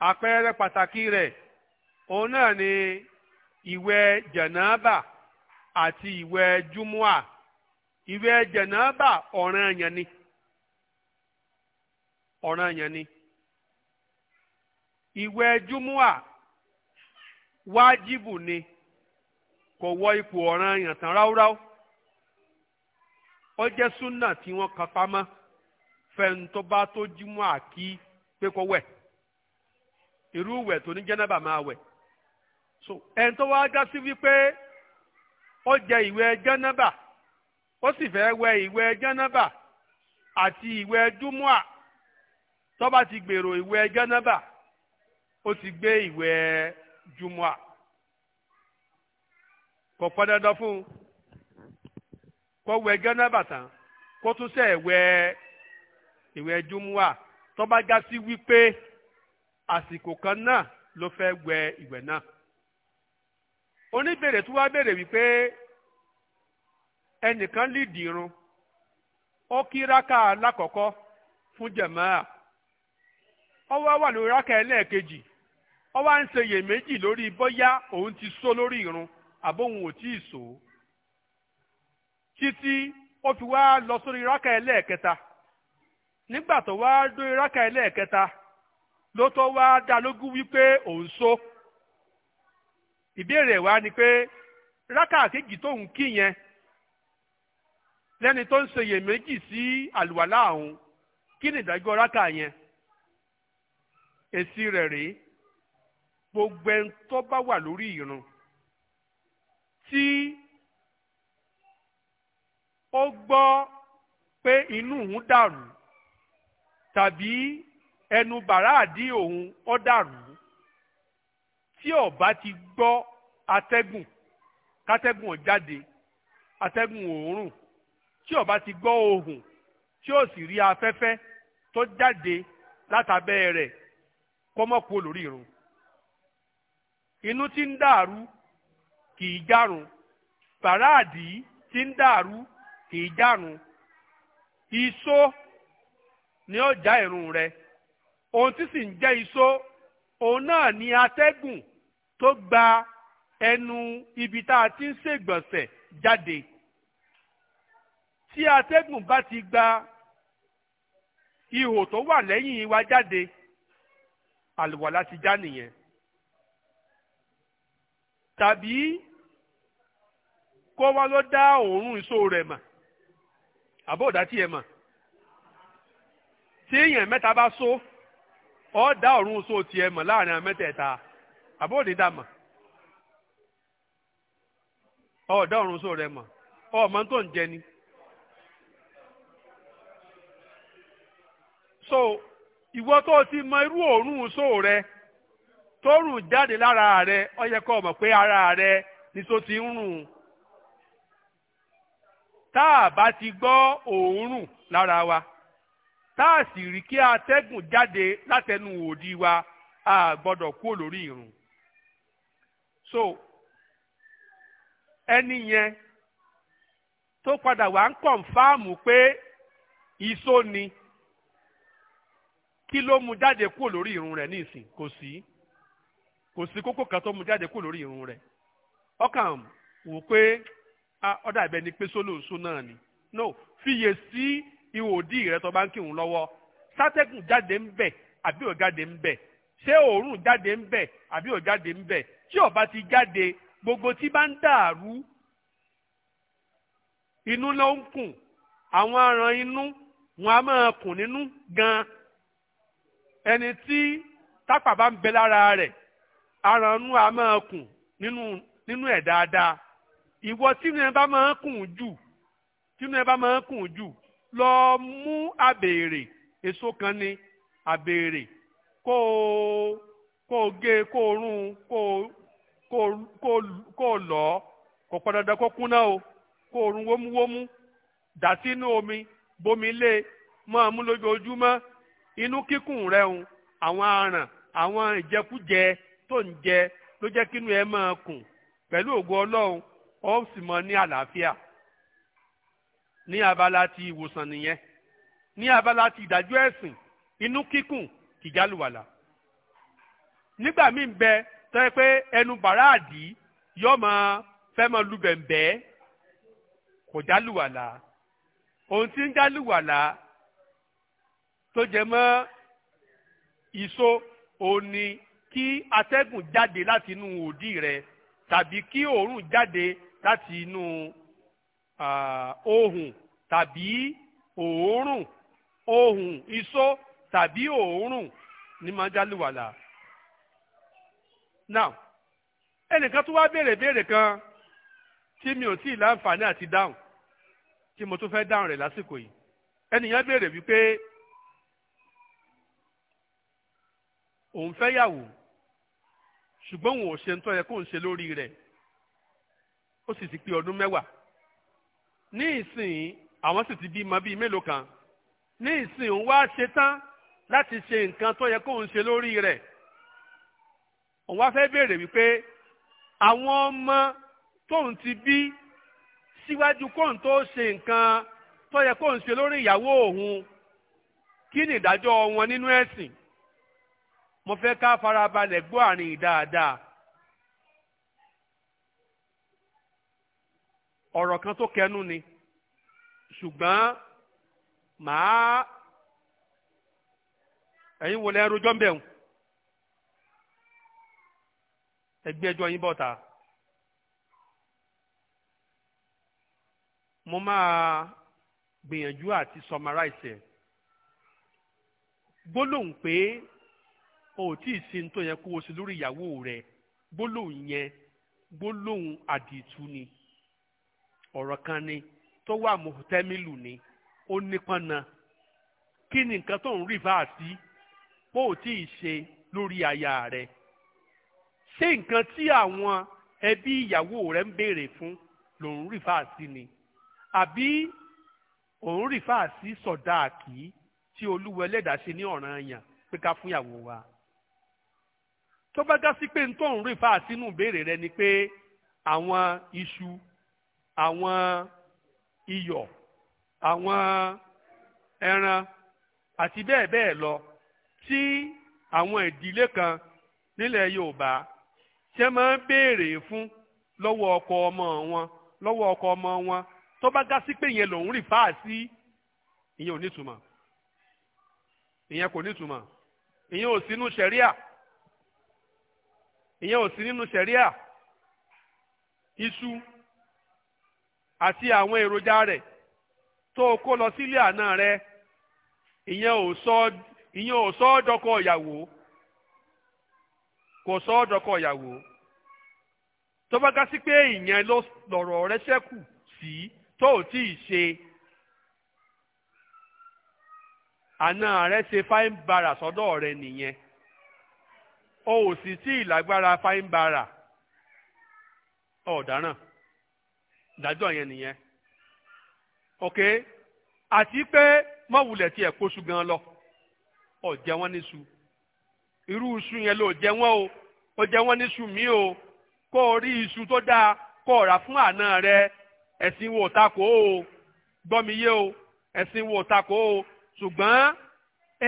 àpẹẹrẹ pàtàkì rẹ̀ òun náà ni ìwẹ̀ jẹ̀nàbà àti ìwẹ̀ júmọ́à ìwẹ̀ jẹ̀nàbà ọ̀ranyàn ni ọ̀ranyàn ni ìwẹ̀ júmọ́à wájibù ni kò wọ ipò ọ̀ranyàn tán ráúráú ó jẹ́ súnà tí wọ́n kan pamọ́ fẹ́ni tó bá tó júmọ́à kí pé kó wẹ̀. irú ìwẹ̀ tó ní jẹ́nàbà máa wẹ̀ so ẹni tó wá dá sí wípé ó jẹ ìwẹ̀ jẹ́nàbà ó sì fẹ́ wẹ̀ ìwẹ̀ jẹ́nàbà àti ìwẹ̀ júmọ́à tó bá ti gbèrò ìwẹ̀ jẹ́nàbà ó ti gbé ìwẹ̀ júmọ́à kò pọn dandan fún un kó wẹ̀ jẹ́nàbà tán kó tún ṣe wẹ̀ ìwẹ̀ júmọ́à tó dá sí wípé. àsìkò kan náà ló fẹ́ wẹ ìwẹ̀ náà oníbèrè tó wá béèrè wípé ẹnìkan lídìí irun ó kí rákà alákọ̀ọ́kọ́ fún jàmáà ó wá wà lórí rákà ẹlẹ́ẹ̀kejì ó wá ń ṣe méjì lórí bóyá òun ti só lórí irun àbóhun ò tíì títí ó fi wá lọ sórí ẹlẹ́ẹ̀kẹta nígbà tó wá dórí ló tó wá dá lógún wípé òun so ìbéèrè wa ni pé rákà kejì tóun kí yẹn lẹ́ni tó ń ṣe iyèméjì sí àlùwàlá ọ̀hún kí ni ìdájọ́ rákà yẹn èsì rẹ̀ rèé gbogbo ẹni tó bá wà lórí ìrun tí ó gbọ́ pé inú òun dàrú tàbí ẹnu bàràdì òun ó dàrú tí ó bá ti gbọ́ atẹ́gùn kátẹ́gùn ó jáde atẹ́gùn òórùn tí ó bá ti gbọ́ ohùn tí ó sì rí afẹ́fẹ́ tó jáde látàbẹ́ rẹ̀ kọ́mọ́kú olórí irun inú tí ń dàrú kì járun bàràdì tí ń dàrú kì járun iṣó ni ó irun rẹ̀ ohun tí sì ń jẹ́ iṣó òun náà ni atẹ́gùn tó gba ẹnu ibi tá a ti ń ṣègbọ̀nsẹ̀ jáde tí atẹ́gùn bá ti gba ihò tó wà lẹ́yìn wa jáde àlùwàlá ti já nìyẹn tàbí kó wá ló dá òórùn iṣó rẹ̀ mà àbóòdá tiẹ̀ mà tí èèyàn mẹ́ta bá so. ọ da nsọ so tiẹ̀ mọ̀ laarị amẹ́tẹ̀ẹ̀ta àbóòdì dà mọ̀ ọ da ọrụ nsọ rẹ mọ̀ ọ mọ̀ ntọ ń ni. so ìwọ tó o ti mọ irú òórùn so rẹ tó rùn jáde lára rẹ ọ yẹ kó o pé ara rẹ ni so ti ń rùn tá bá ti gbọ́ òórùn lára wa. tá a sì rí kí atẹ́gùn jáde látẹnu òdì wa a gbọ́dọ̀ kúrò lórí irun so ẹni yẹn tó padà wà ń kọ̀nfáàmù pé iṣó ni kí ló mu jáde kúrò lórí irun rẹ̀ nísìn kò sí kò sí kókó kan tó mu jáde kúrò lórí irun rẹ̀ ọkàn wò pé ọ̀dà ah, ìbẹ́ni pé sólóòsó náà ni no fiyè sí. Si, ihò òdì rẹ tó bá ń kírun lọ́wọ́ sátẹ́gùn jáde ń bẹ̀ àbí ò jáde ń bẹ̀ ṣé òórùn jáde ń bẹ̀ àbí ò jáde ń bẹ̀ tí ó bá ti jáde gbogbo tí bá ń dàrú inú ló ń kùn àwọn aràn inú wọn a máa kùn nínú gan ẹni tí tápà bá ń bẹ lára rẹ̀ aràn inú a máa kùn nínú nínú dáadáa ìwọ tí inú bá máa kùn jù tí inú bá máa kùn jù lọ mú àbèrè èso kan ni àbèrè kó o kó gé kó o kó kó lọ kò pọn dandan kó kúnná o kó wómúwómú dà sínú omi bomi lé máa mú lójoojúmọ́ inú kíkùn rẹ̀ ń àwọn aràn àwọn ìjẹkújẹ tó ń ní abala ti ìwòsàn nìyẹn ní abala ti ìdájọ́ ẹ̀sìn inú kíkùn kìjálùwàlà nígbà míì ń bẹ tó yẹ pé ẹnu bàràdì yóò máa fẹ́ máa lu bẹ̀m̀bẹ́ kò jálùwàlà ohun tí ń jálùwàlà tó jẹ mọ́ ìso òní kí atẹ́gùn jáde láti inú òdì rẹ tàbí kí òórùn jáde láti inú ohùn tàbí òórùn ohùn iṣó tàbí òórùn ni máa jálùwàlà. now ẹnìkan tó wá béèrè béèrè kan tí mi ò tí ì láǹfààní àti dáhùn tí mo tún fẹ́ dáhùn rẹ̀ lásìkò yìí ẹnìyàn béèrè wípé òun fẹ́ yàwó ṣùgbọ́n òun ò ṣe ń tọ́ yẹ kó ń ṣe lórí rẹ̀ ó sì ti pé ọdún mẹ́wàá ní ìsìn àwọn sì ti bímọ bíi mélòó kan ní ìsìn òun wá ṣe tán láti ṣe nǹkan tó yẹ kóun ṣe lórí rẹ̀ òun wá fẹ́ béèrè wípé àwọn ọmọ tóun ti bí síwájú kóun tó ṣe nǹkan tó yẹ kóun ṣe lórí ìyàwó òun kí ni ìdájọ́ wọn nínú ẹ̀sìn mo fẹ́ ká farabalẹ̀ gbọ́ àárín dáadáa ọ̀rọ̀ kan tó kẹnu ni ṣùgbọ́n màá ẹ̀yin wọlé ẹrújọ́ ń bẹ̀rù ẹgbẹ́ ẹjọ́ yín bọ̀ta. mo máa gbìyànjú àti summarize ẹ̀ gbólóhùn pé o ò tí sin tó yẹ kó o sí lórí ìyàwó rẹ gbólóhùn yẹn gbólóhùn àdìtú ni ọ̀rọ̀ kan ni tó wà mọ̀tẹ́mílù ni ó nípọn na kí ni nǹkan tó ń rí bá a sí bó o tí ì ṣe lórí aya rẹ ṣé nǹkan tí àwọn ẹbí ìyàwó rẹ ń béèrè fún ló ń rí bá a sí ni àbí òun rí bá a sí sọ̀dáàkì tí olúwa ẹlẹ́dàá ní ọ̀ràn yàn pé ká fún ìyàwó wa tó bá gá sí pé ń tó ń rí bá a sínú ìbéèrè rẹ ni pé àwọn iṣu àwọn iyọ̀ àwọn ẹran àti bẹ́ẹ̀ bẹ́ẹ̀ lọ tí àwọn ìdílé kan nílẹ̀ Yorùbá ṣe máa ń béèrè fún lọ́wọ́ ọkọ ọmọ wọn lọ́wọ́ ọkọ ọmọ wọn tó bá gá sí pé ìyẹn lòún rì fáà sí ìyẹn ò nítumọ̀ ìyẹn kò nítumọ̀ ìyẹn ò sínú sẹ̀ríà ìyẹn ò sí nínú sẹ̀ríà iṣu àti àwọn èròjà rẹ̀ tó o kó lọ sílé àná rẹ ìyẹn ò sọ ìyẹn ìyàwó kò sọ ìyàwó tó bá ga sí pé ìyẹn ló lọ̀rọ̀ sí tó ṣe àná rẹ ṣe sọ́dọ̀ rẹ nìyẹn o ò sì tí ì lágbára ìdájọ́ yẹn nìyẹn ok àti pé mọ̀wulẹ̀ tí ẹ̀ kóṣù gan lọ ọ̀ jẹ́ wọ́n níṣu irú iṣu yẹn ló jẹ́ wọ́n o ó jẹ́ wọ́n níṣu mí o kó o rí iṣu tó dáa kó o rà fún àna rẹ ẹ̀sìn wo tako o gbọ́ mi yé o ẹ̀sìn wo tako o ṣùgbọ́n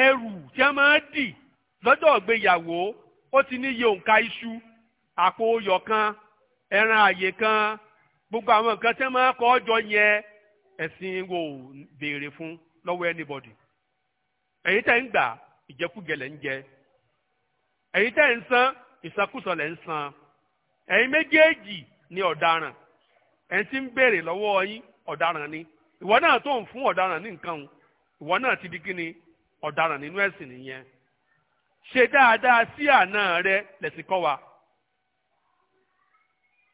ẹrù tí a máa dì lọ́jọ́ ìgbéyàwó ó ti níye òǹkà iṣu àpò oyọ̀ kan ẹran àyè kan gbogbo àwọn nǹkan tẹ́ máa kọ́ ọjọ́ yẹn ẹ̀sìn wo béèrè fún lọ́wọ́ anybody ẹ̀yin tẹ́ ń gbà ìjẹkúgẹlẹ̀ lẹ́ ń jẹ ẹ̀yin tẹ́ ń san ìsakúsọ lẹ́ ń san ẹ̀yin méjèèjì ni ọ̀daràn ẹ̀yin tí ń béèrè lọ́wọ́ yín ọ̀daràn ni ìwọ náà tó ń fún ọ̀daràn ní nǹkan ìwọ náà ti di kí ni ọ̀daràn nínú ẹ̀sìn nìyẹn ṣe dáadáa sí àná rẹ kọ́ wa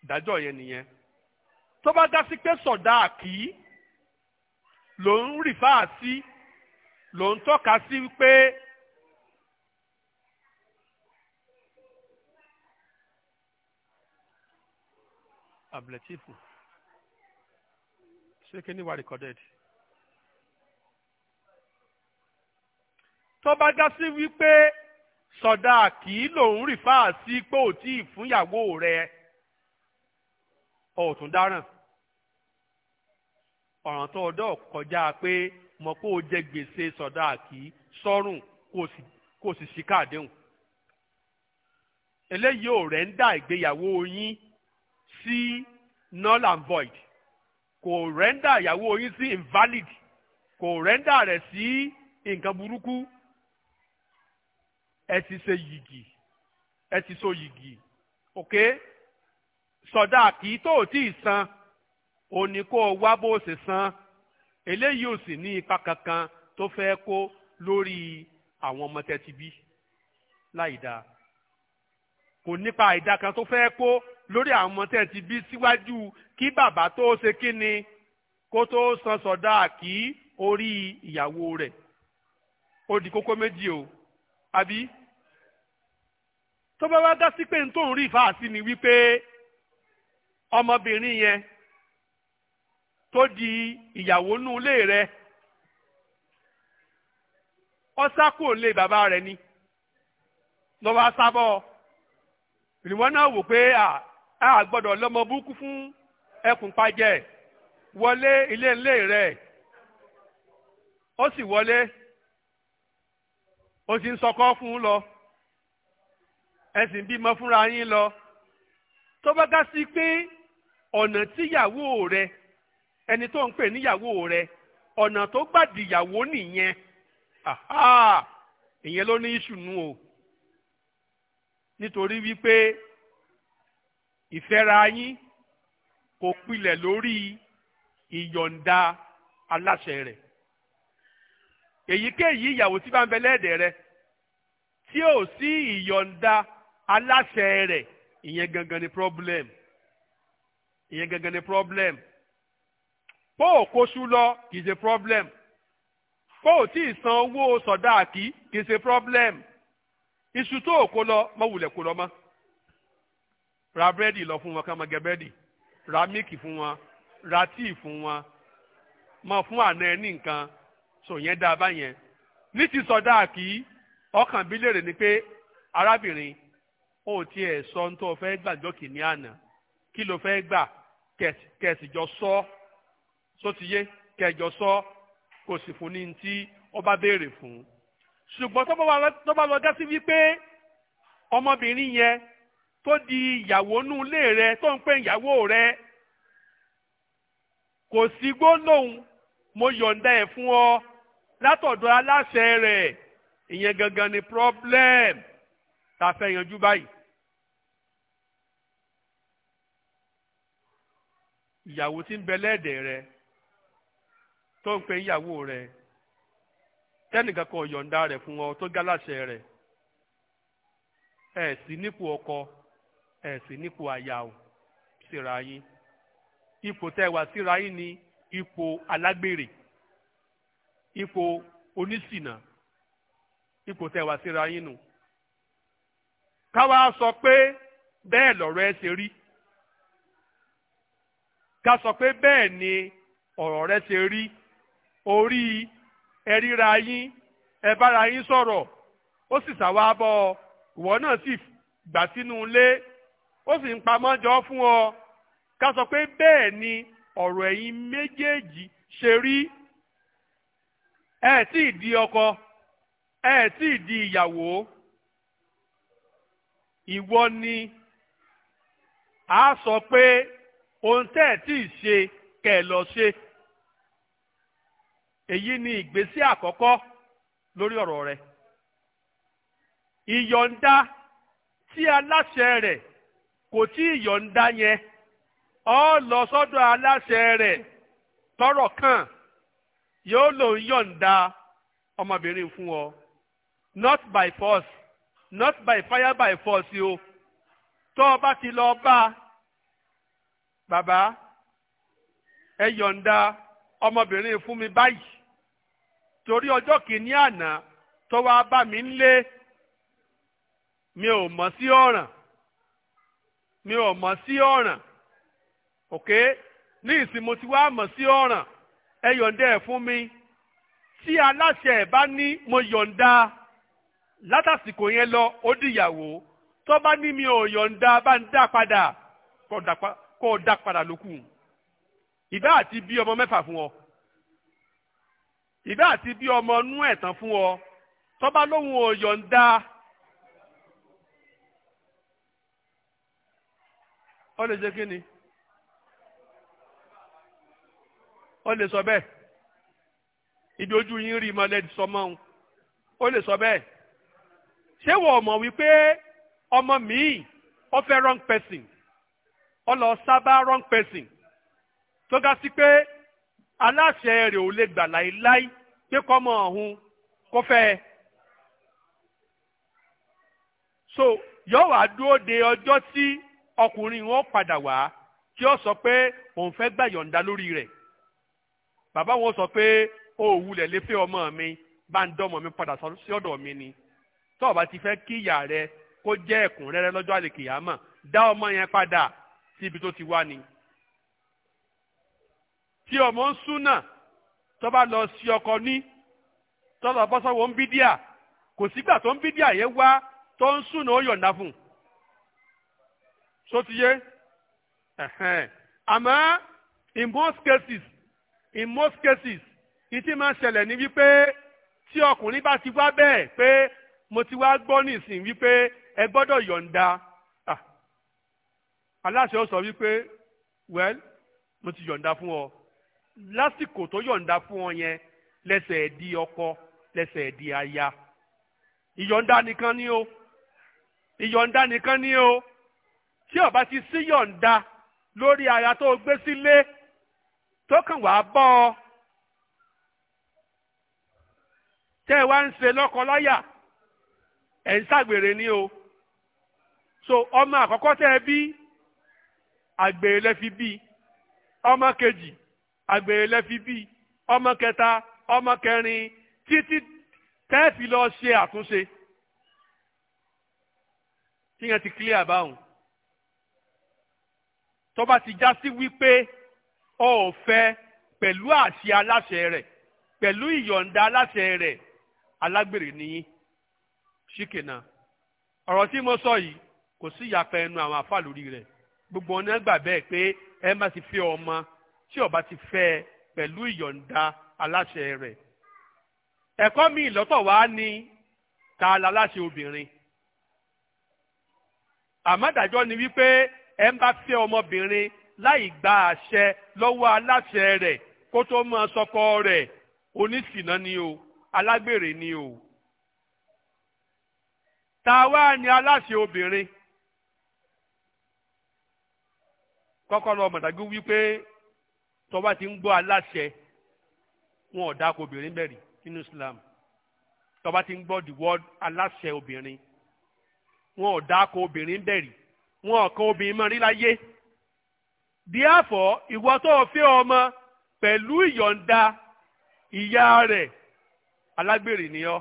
ìdájọ́ yẹn nìyẹn. tó bá dá sí pé sọ̀dáàkì ló ń rìfáà sí ló ń tọ́ka sí pé abletifu ṣé kí ni wà recorded. tó bá dá sí wípé sọ̀dáàkì lòún rìfáà sí pé ò tí ì fúnyàwó rẹ̀ ọ̀tún dáràn ọ̀ràn tó ọdọ́ kọjá pé mọ̀ kó o jẹ gbèsè sọ̀dá àkì sọ́rùn kó o sì ṣìkà àdéhùn. eléyìí ò rẹ̀ ń dá ìgbéyàwó yín sí null and void kò rẹ́ńdà ìyàwó yín sí invalid kò rẹ́ńdà rẹ̀ sí nǹkan burúkú ẹ ti ṣe yìgì ẹ ti so yìgì ok sọdá kì í tó ò tí ì san ó ní kó o wá bó o ṣe san eléyìí ò sì ní ipa kankan tó fẹ́ kó lórí àwọn ọmọ tẹ́tí bí láì dáa kò nípa àìdá kan tó fẹ́ kó lórí àwọn ọmọ tẹ́tí bí síwájú kí bàbá tó ṣe kí ni kó tó san sọ̀dá kí orí ìyàwó rẹ̀ ó di kókó méjì o àbí tó bá wá dá sí pé n rí ìfàásí ni wípé ọmọbìnrin yẹn tó di ìyàwó nú ilé rẹ ọsákò lé bàbá rẹ ni lọ́wọ́ asábọ̀ ìwọ náà wò pé a gbọ́dọ̀ lọ́mọ búkú fún ẹkùn pajẹ́ wọlé ilé ilé rẹ ó sì wọlé ó sì ń sọkọ fún un lọ ẹ sì ń bímọ fúnra yín lọ tó bá dá sí pé ọ̀nà tíyàwó rẹ ẹni tó ń pè níyàwó rẹ ọ̀nà tó gbà dìyàwó nìyẹn aha ìyẹn ló ní ìṣùnú o nítorí wípé ìfẹ́ra yín kò pilẹ̀ lórí ìyọ̀ǹda aláṣẹ rẹ̀ èyíkéyìí ìyàwó tí bá ń bẹ lẹ́ẹ̀dẹ̀ rẹ tí ò sí ìyọ̀ǹda aláṣẹ rẹ̀ ìyẹn gangan ni problem ìyẹn gangan ni problem kó o kóṣù lọ kì í ṣe problem kó o tí ì san owó sọ̀dáàkì kì í ṣe problem iṣu tó o kó lọ mọ wulẹ̀ kó lọ mọ́ ra búrẹ́dì lọ fún wọn ká máa gẹ búrẹ́dì ra míìkì fún wọn ra tíì fún wọn mọ fún àna ẹ nǹkan sọ yẹn dáa báyẹn ní ti sọ̀dáàkì ọkàn bí lèrè ni pé arábìnrin ó tiẹ̀ sọ ń tó o fẹ́ gbàjọ́ kìíní àná kí ló fẹ́ gbà kẹ̀sìjọ sọ sotiye kẹjọ sọ kò sì fún ní ti ọba béèrè fún ṣùgbọ́n tó bá lọ jásí wípé ọmọbìnrin yẹn tó di ìyàwó nú ilé rẹ tó ń pè ìyàwó rẹ kò sí gbólóhùn mo yọ̀ǹda ẹ̀ fún ọ látọ̀dọ̀ aláṣẹ rẹ̀ ìyẹn gangan ni problem tá a fẹ́ yanjú báyìí. ìyàwó tí ń bẹ lẹ́ẹ̀dẹ̀ rẹ̀ tó ń pe ìyàwó rẹ̀ tẹ́nìkan kò yọ̀ǹda rẹ̀ fún ọ tó gálàṣẹ rẹ ẹ sí nípò ọkọ ẹ sí nípò aya o síra yín ipò tẹ́ wà síra yín ni ipò alágbèrè ipò onísìnà ipò tẹ́ wà síra yín nù káwa sọ pé bẹ́ẹ̀ lọ̀rọ̀ ẹ ṣe rí ká sọ pé bẹ́ẹ̀ ni ọ̀rọ̀ rẹ ṣe rí. orí ẹríra yín ẹ yín sọ̀rọ̀ ó sì ṣàwá bọ́ ìwọ náà sì gbà sínú ilé ó sì ń pamọ́ jọ fún ọ ká sọ pé bẹ́ẹ̀ ni ọ̀rọ̀ ẹ̀yin méjèèjì ṣe rí ẹ tí ì di ọkọ ẹ tí ì di ìyàwó ìwọ ni a sọ pé ohun tẹ́ ẹ̀ tí ì ṣe kẹ̀ lọ ṣe. èyí ni ìgbésẹ̀ àkọ́kọ́ lórí ọ̀rọ̀ rẹ̀ ìyọ̀ǹda tí aláṣẹ rẹ̀ kò tí ì yọ̀ǹda yẹn ọ lọ sọ́dọ̀ aláṣẹ rẹ̀ tọ́rọ̀ kàn yóò lò ń yọ̀ǹda ọmọbìnrin fún ọ not by force not by fire by force o tó o bá ti lọ bá bàbá ẹ yọ̀ǹda ọmọbìnrin fún mi báyìí torí ọjọ́ kìíní àná tó wá bá mi ń lé mi ò mọ̀ sí ọ̀ràn mi ò mọ̀ sí ọ̀ràn ok ní ìsìn mo ti wá mọ̀ sí ọ̀ràn ẹ yọ̀ǹda ẹ̀ fún mi tí aláṣẹ ẹ̀ bá ní mo yọ̀ǹda látàsìkò yẹn lọ ó dìyàwó tó bá ní mi ò yọ̀ǹda bá ń dá padà kó o dá padà lókù ìbá àti bí ọmọ mẹ́fà fún ọ ìbá àti bí ọmọ nú ẹ̀tàn fún ọ tọ́ba lóhun ò yọ̀ǹda ọ lè ṣe kí ni ọ lè sọ bẹ́ẹ̀ ibi ojú yín rí mọ́lẹ́ ti sọ mọ́ ó lè sọ bẹ́ẹ̀ ṣé wọ́n mọ̀ wípé ọmọ mi-ín ó fẹ́ wrong person ó lọ sábà wrong person tó ga sí pé aláṣẹ rẹ̀ ò lè gbà láíláí pé kọ́mọ ọ̀hún kó fẹ́ so yóò wá dúró de ọjọ́ tí ọkùnrin wọn padà wá tí ó sọ pé òun fẹ́ gbà yọ̀ǹda lórí rẹ̀ bàbá wọn sọ pé o ò wulẹ̀ lé fẹ́ ọmọ mi bá ń dọ́mọ mi padà sí ọ̀dọ̀ mi ni tó o bá ti fẹ́ kí ìyá rẹ kó jẹ́ ẹ̀kúnrẹ́rẹ́ lọ́jọ́ àlèkèyàmọ̀ dá ọmọ yẹn padà síbi tó ti wá ni tí ọmọ ń súnà tó bá lọ sí ọkọ ní tọ́lọ̀ bọ́sọ̀wọ́ ń bídíà kò sígbà tó ń bídíà yẹn wá tó ń súnà ó yọ̀ǹda fún un so ti yé àmọ́ in most cases in most cases ìtí máa ń ṣẹlẹ̀ ní wípé tí ọkùnrin bá ti wá bẹ́ẹ̀ pé mo ti wá gbọ́ nísìn wípé ẹ gbọ́dọ̀ yọ̀ǹda aláṣẹ ó sọ wípé well mo ti yọ̀ǹda fún ọ lásìkò tó yọ̀ǹda fún wọn yẹn lẹ́sẹ̀ ẹ̀ di ọkọ lẹ́sẹ̀ ẹ̀ di aya ìyọ̀ǹda nìkan ni o ìyọ̀ǹda nìkan ni o tí ó bá ti sí yọ̀ǹda lórí aya tó gbé sílé tó kàn wá bọ́ ọ tẹ́ ẹ wá ń ṣe lọ́kọ-láyà ẹ̀ ń ṣàgbèrè ni o so ọmọ àkọ́kọ́ tẹ́ ẹ bí àgbèrè lẹ fi bí ọmọ kejì àgbèrè lẹ́fi bí ọmọ kẹta ọmọ kẹrin títí tẹ́ẹ̀fì lọ ṣe àtúnṣe tíyẹn ti clear báwọn tó bá ti já sí wípé ọ ò fẹ́ pẹ̀lú àṣẹ aláṣẹ rẹ̀ pẹ̀lú ìyọ̀ǹda aláṣẹ rẹ̀ alágbèrè nìyí ṣìkìnà ọ̀rọ̀ tí mo sọ yìí kò sí ìyàpẹ̀ ẹnu àwọn àfa lórí gbogbo ọ̀nà gbà bẹ́ẹ̀ pé ẹ má ti fi ọmọ tí ó bá ti fẹ́ ẹ pẹ̀lú ìyọ̀ǹda aláṣẹ rẹ̀. ẹ̀kọ́ mi lọ́tọ̀ wá ní ta la láṣẹ obìnrin. àmọ́dájọ́ ni wípé ẹ ń bá fẹ́ ọmọbìnrin láì gba àṣẹ lọ́wọ́ aláṣẹ rẹ̀ kó tó mọ sọkọ rẹ̀ oníṣìná ni o alágbèrè ni o. ta wá ni aláṣẹ obìnrin. kọ́kọ́ lọ wípé tọ́ba ti ń gbọ́ aláṣẹ wọn ò dáko obìnrin bẹ̀rì nínú Islam tọ́ba ti ń gbọ́ the word aláṣẹ obìnrin wọn ò dáko obìnrin bẹ̀rì wọn ò kan obìnrin mọ́ rí láyé díàfọ̀ ìwọ tó o fẹ́ ọmọ pẹ̀lú ìyọ̀ǹda ìyá rẹ̀ alágbèrè ni ọ́.